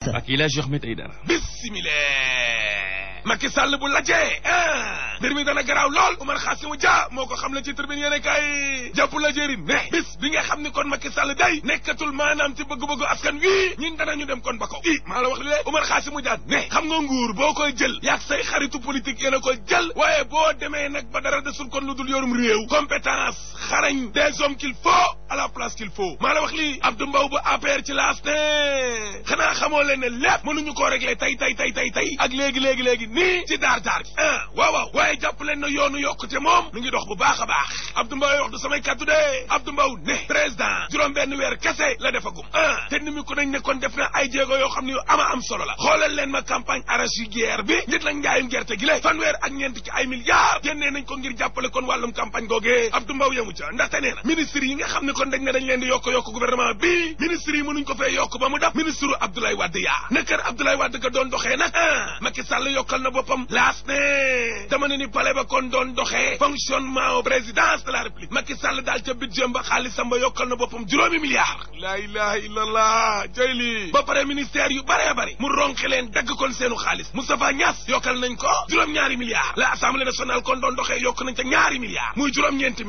ak El Hadji Ahmed Aïdara bismillah Macky Sall bu lajee ah mbir mi dana garaaw lool Oumar Khassimou Dia moo ko xam la ci tribune yéen kay jàpp la jëriñ ne bis bi nga xam ni kon Macky Sall day nekkatul maanaam ci bëgg-bëggu askan wi ñun danañu dem kon ba ko i maa la wax li lee Oumar Khassimou Dia ne xam nga nguur boo koy jël yaag say xaritu politique yéen a koy jël waaye boo demee nag ba dara desul kon lu dul yorum réew compétence xarañ des hommes qu'il faut à la place qu'il faut maa la wax lii Abdou Mbow bu APR ci laas ne xanaa xamoo leen ne lépp mënuñu koo régler tey tey tey tey tey ak léegi léegi léegi nii ci daar daar gi ah waaw waaw waaye jàpp leen na yoonu yokkute moom mu ngi dox bu baax a baax Abdou Mbow wax du samay kaddu de Abdou Mbow ne président juróom benn weer kese la defagum ah te ni mu ko nañ ne kon def na ay jéego yoo xam ne yu ama am solo la xoolal leen ma campagne a bi nit la gerte gi la fanweer ko ngir jàppale kon wàllum campagne googee Abdou Mbow yi nga xam ne fekkoon rek ne dañ leen di yokk yokk gouvernement bi ministre yi mënuñ ko fee yokk ba mu dab ministre Abdoulaye Wade yaa na kër Abdoulaye Wade ka doon doxee nag Macky Sall yokkal na boppam laas ne dama ne ni palais ba kon doon doxee fonctionnement au présidence de la république Macky Sall daal ca budget ba xaalisam ba yokkal na boppam juróomi milliards laa ilaha illallah jay lii ba pare ministère yu baree bari mu ronqi leen dagg kon seenu xaalis Moustapha Niass yokkal nañ ko juróom-ñaari milliards la assemblée nationale kon doon doxee yokk nañ ca ñaari milliards muy juróom-ñeenti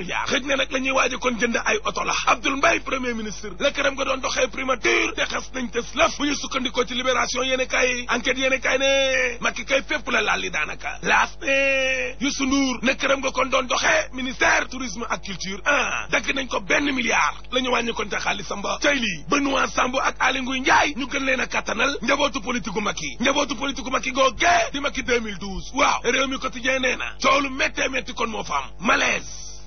na nag la ñuy waaje kon jënd ay oto la Abdoul Mbaye premier ministre la këram nga doon doxee primature te xas nañ te lëf bu sukkandikoo ci libération yéen kay enquête yéen kay ne Macky kay fépp la laal li daanaka laas ne Youssou Ndour ne nga kon doon doxee ministère tourisme ak culture ah dagg nañ ko benn milliard la wàññeekoon wàññi kon te xaalisam ba tey lii Benoît Sambou ak Aly Ngouille Ndiaye ñu gën leen a kattanal njabootu politique gu Macky njabootu politique gu Macky googee di Macky 2012 waaw réew mi quotidien nee na coow lu méttee métti kon moo fa am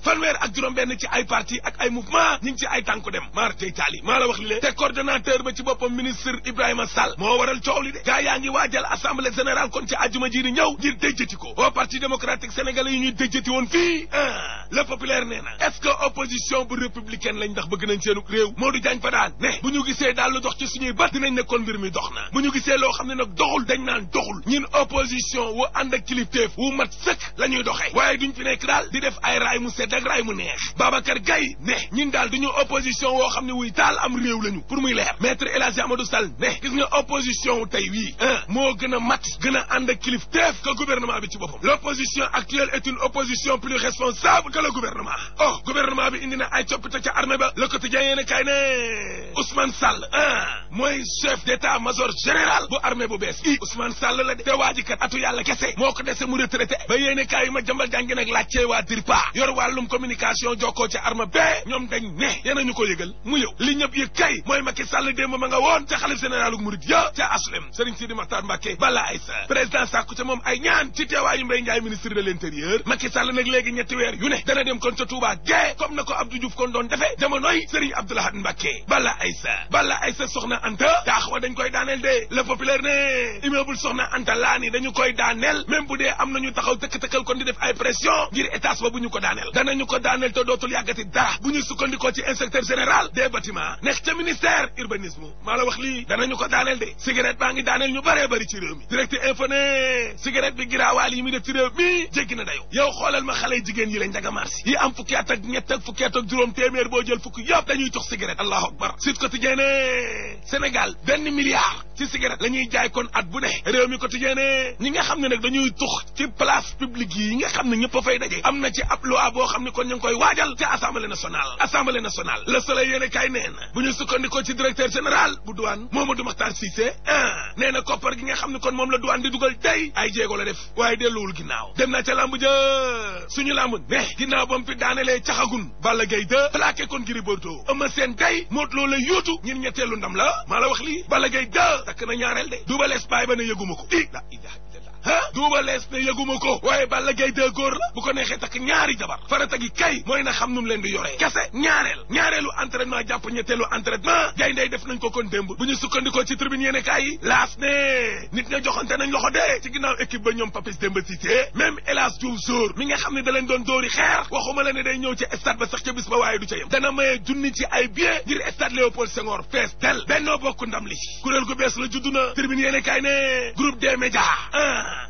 fanweer ak juróom-benn ci ay parti ak ay mouvement ñu ngi ci ay tànku dem maar tey taali maa la wax li le te coordonnateur ba ci boppam ministre Ibrahima Sall moo waral coow li de gaa yaa ngi waajal assemblée générale kon ci àjjuma ji di ñëw ngir déjjati ko au parti démocratique sénégalais yi ñuy déjjati woon fii ah le nee na est-ce que opposition bu républicaine lañ ndax bëgg nañ seenu réew Modou Diagne Fadane ne bu ñu gisee daal lu dox ci suñuy bët dinañ ne kon mbir mi dox na bu ñu loo xam ne nag doxul dañ naan doxul ñun opposition wu ànd ak kilifteef wu mat sëkk la ñuy doxee waaye duñ fi nekk daal di def ay mu sedd teg ray mu neex Babacar Gaye ne ñun daal duñu opposition woo xam ne wuy taal am réew lañu pour muy leer maître El Hadji Amadou Sall ne gis nga opposition wu tey wii moo gën a mat gën a ànd ak kilif teef que gouvernement bi ci boppam l' opposition actuelle est une opposition plus responsable que le gouvernement oh gouvernement bi indi na ay coppite ca armée ba le quotidien yéen a kay ne Ousmane Sall mooy chef d' état général bu armée bu bees i Ousmane la de te waajikat atu yàlla kese moo a communication jokkoo ci arme bee ñoom dañ ne yéenañu ko yëgal mu yëw li ñëpp yëg kay mooy Macky Sall démb ma nga woon ca xalif généralu Mouride ya ca aslem Serigne Sidi Makhtar Mbacké bala ay sa président sàkku ca moom ay ñaan ci teewaayu Mbaye Ndiaye ministre de l'intérieur Macky Sall nag léegi ñetti weer yu ne dana dem kon ca Touba gee comme na ko Abdou Diouf kon doon defee jamonoy Serigne Abdoulahad Mbacké bala ay sa bala ay sa soxna Anta daax wa dañ koy daaneel de le populaire ne immeuble soxna koy daaneel même bu dee am nañu taxaw tëkk-tëkkal kon di def ay pression ngir étage ba danañu ko daaneel te dootul yàggati dara bu ñu sukkandikoo ci inspecteur général des bâtiments nekk ca ministère urbanisme maa la wax lii danañu ko daaneel de cigarette baa ngi daaneel ñu bëree bëri ci réew mi direct info ne cigarette bi giraawaal yi muy def ci réew mi jéggi na yow xoolal ma xale jigéen yi la njaga mars yi am fukki at ak ñett ak fukki at juróom téeméer boo jël fukki yëpp dañuy tox cigarette allahu akbar Sud Quotidien ne Sénégal benn milliard ci cigarette la ñuy jaay kon at bu ne réew mi quotidien ñi nga xam ne nag dañuy tux ci place publique yi nga xam ne ñëpp a fay daje am na ci ab loi boo xam ne kon ñu ngi koy waajal ca assemblée nationale assemblée nationale le soleil yéene kay nee na bu ñu sukkandikoo ci directeur général bu douane Mamadou Makhtar Cissé ah nee na koppar gi nga xam ne kon moom la douane di dugal tey ay jéego la def waaye delluwul ginnaaw dem na ca lamb ja suñu lamb ne ginnaaw ba mu fi daanelee caxagun Balla Gaye 2 kon Gris Bordeaux Eumeu Sène tey Modou Lo la yóotu ñun ñetteelu ndam la maa la wax lii Balla Gaye 2 takk na ñaareel de dubal espagne ba ne yëguma ko i la ah duuba lees ne yëguma ko waaye Balla Gaye de góor la bu ko neexee takk ñaari jabar farata gi kay mooy na xam num leen di yoree kese ñaareel ñaareelu entraînement jàpp ñetteelu entraînement gay ndey def nañ ko kon démb bu ñu sukkandikoo ci tribune yéene kaay yi laas ne nit nga joxante nañ loxo dee ci ginnaaw équipe ba ñoom Papis Demba Cissé même Elas Diouf Zour mi nga xam ne da doon dóori xeer waxuma la ne day ñëw ci stade ba sax ca bis ba waaye du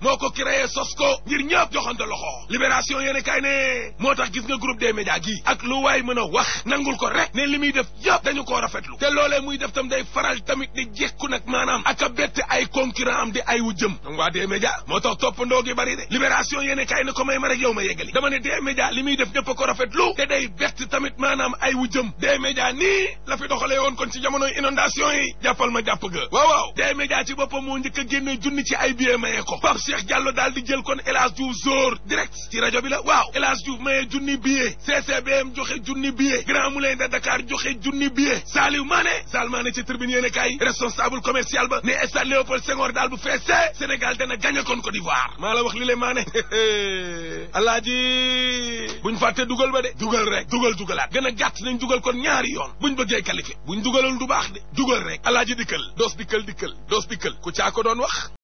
moo ko créé sos ko ngir ñëpp joxante loxo libération yéen ne moo tax gis nga groupe des médias gi ak lu waay mën a wax nangul ko rek ne li muy def yëpp dañu koo rafetlu te loolee muy def tam day faral tamit di jekku nag maanaam ak a bett ay concurrent am di ay wujjëm donc waa des médias moo tax toppandoo gi bari de libération yéen kaay ne ko may ma rek yow ma yeggali dama ne des médias li muy def ñëpp a ko rafetlu te day bett tamit maanaam ay wujjëm des médias nii la fi doxalee woon kon ci jamonoy inondation yi ma jàpp ga waaw waaw des médias ci boppam moo njëkk a génne junni ci ay billets maye ko Pape Cheikh Diallo daal di jël kon El Hadj Diouf Zor direct ci rajo bi la waaw El Hadj Diouf maye junni billet CCBM joxe junni billet Grand Moulin de Dakar joxe junni billet Saliou Mané Sal Mané ci tribune yéene kay responsable commercial ba ne stade Léopold Senghor daal bu feesee Sénégal dana gagné kon Côte d'Ivoire maa la wax li le Mané alaaji buñ fàtte dugal ba de dugal rek dugal dugalaat gën a gàtt nañ dugal kon ñaari yoon buñ bëggee qualifié buñ dugalul du baax de dugal rek alaaji dikkal doos dikkal dikkal doos dikkal ku caa ko doon wax